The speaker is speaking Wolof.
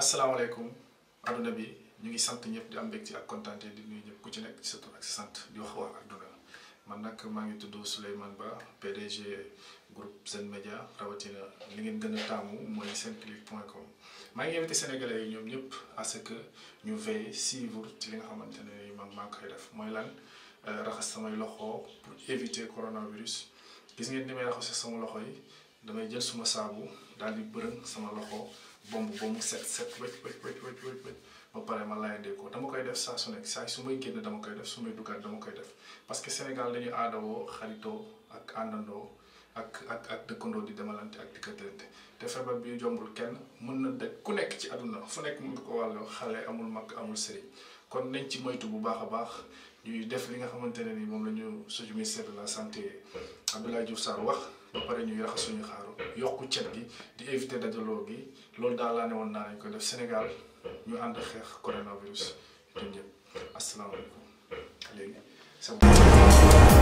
asalaamaaleykum adduna bi ñu ngi sant ñëpp di am mbégte ak kontaante di nuyu ñëpp ku ci nekk ci sa ak sa sant di wax waa adduna man nag maa ngi tudd Souleymane Ba PDG groupe seen Média rawatina li ngeen gën a taamu mooy senclic.com maa ngi invité sénégalais yi ñoom ñëpp à ce que ñu veille suivre ci li nga xamante ne man maa ngi koy def mooy lan euh, raxas samay loxo pour éviter coronavirus gis ngeen ni may raxas sama loxo yi. damay jël suma saabu daal di bërëng sama loxo bomb ba set set wecc wecc wecc wecc ba pare ma laayandee dama koy def saa su nekk saa su may génn dama koy def su may duggaat dama koy def parce que Sénégal dañuy aadawoo xaritoo ak àndandoo ak ak dëkkandoo di demalante ak dikkatante te feebar bi jombul kenn mën na daj ku nekk ci àdduna fu nekk mën nga ko wàllu xale amul mag amul sëriñ kon nañ ci moytu bu baax a baax ñuy def li nga xamante ne ni moom la ñu suñu ministère de la santé Abdoulaye Diouf Sarr wax ba pare ñuy raxas suñu xaaru yokku cet gi di éviter dajaloo gi loolu daal laa ne woon naa nañ ko def Sénégal ñu ànd xeex coronavirus ñun ñëpp asalaamaaleykum léegi